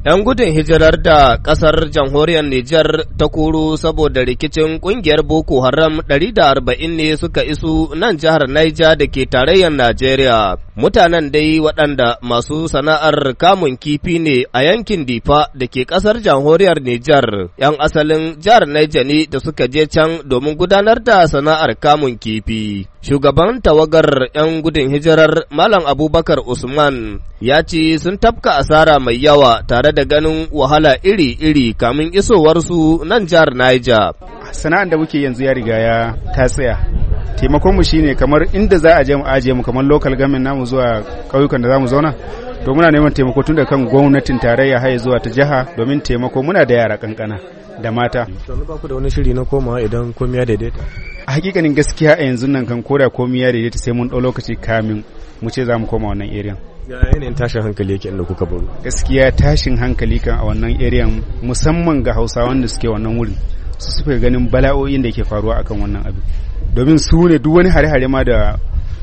‘Yan gudun hijirar da ƙasar jamhuriyar Nijar ta koro saboda rikicin ƙungiyar Boko Haram 140 ne suka isu nan jihar Naija da ke tarayyar Najeriya. Mutanen dai waɗanda masu sana'ar kamun kifi ne a yankin Difa da ke ƙasar jamhuriyar Nijar, ‘yan asalin jihar Naija ne da suka je can domin gudanar da sana'ar kamun kifi. Shugaban tawagar 'yan gudun hijirar Malam Abubakar Usman ya ce sun tafka asara mai yawa tare da ganin wahala iri-iri kamin isowarsu nan jihar Niger. Sana'an da muke yanzu ya riga ya ta tsaya. Taimakonmu shine kamar inda za a je mu ajiye mu kamar lokal gamin namu zuwa ƙauyukan da za mu zauna. to muna neman taimako tun da kan gwamnatin tarayya haye zuwa ta jiha domin taimako muna da yara kankana da mata to ba ku da wani shiri na komawa idan komai ya daidaita a hakikanin gaskiya a yanzu nan kan koda komi ya daidaita sai mun dau lokaci kamin mu ce za mu koma wannan ya yanayin tashin hankali yake inda kuka baro gaskiya tashin hankali kan a wannan area musamman ga Hausa wanda suke wannan wurin su suke ganin bala'o'in da ke faruwa akan wannan abin domin su ne duk wani hare-hare ma da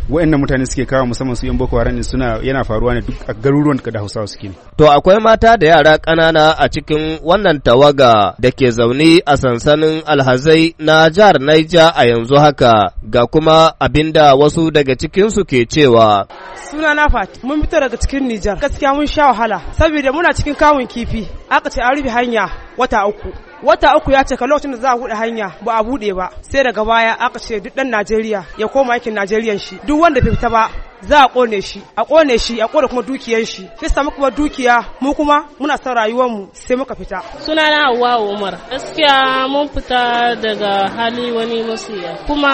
wa'annan mutane suke kawo musamman su yan boko haram ne suna yana faruwa ne duk a garuruwan da Hausawa suke to akwai mata da yara ƙanana a cikin wannan tawaga da ke zaune a sansanin alhazai na jihar Niger a yanzu haka ga kuma abinda wasu daga cikin su ke cewa suna na fati mun fito daga cikin Niger gaskiya mun sha wahala saboda muna cikin kawun kifi aka ce an rufe hanya wata uku wata uku ya ce ka lokacin da za a buɗe hanya ba a buɗe ba sai daga baya aka ce duk ɗan Najeriya ya koma aikin Najeriyan shi duk wanda fita ba za a kone shi a kone shi a kone kuma dukiyar shi fi samu kuma dukiya mu kuma muna son rayuwar mu sai muka fita Suna na hawa Umar gaskiya mun fita daga hali wani masoya kuma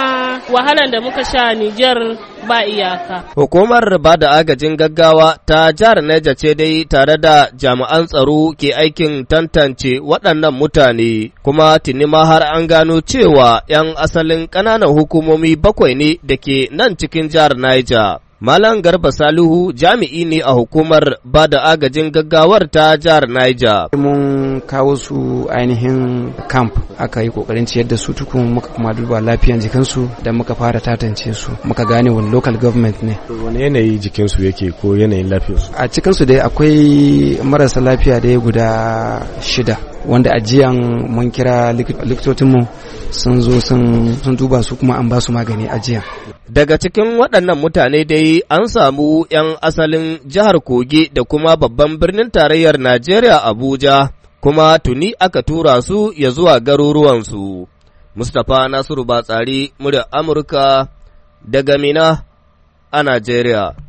wahalan da muka sha Niger ba iyaka hukumar ba da agajin gaggawa ta jihar Niger ce dai tare da jami'an tsaro ke aikin tantance waɗannan mutane kuma tuni ma har an gano cewa 'yan asalin ƙananan hukumomi bakwai ne da ke nan cikin jihar Niger Malam Garba Salihu jami'i ne a hukumar ba da agajin gaggawar ta jihar Niger. Mun kawo su ainihin camp aka yi kokarin ciyar da su tukun muka kuma duba lafiyan jikinsu da muka fara tatance su muka gane wani local government ne. Wani yanayi jikinsu yake ko yanayin lafiyarsu? A cikinsu dai akwai marasa lafiya dai guda shida. wanda ajiyan mun kira likitotinmu sun zo sun duba su kuma an ba su magani ajiya. Daga cikin waɗannan mutane dai an samu 'yan asalin jihar Kogi da kuma babban birnin tarayyar Najeriya Abuja kuma tuni aka tura su ya zuwa garuruwansu. Mustapha Nasiru Batsari, murya Amurka daga Mina a Najeriya.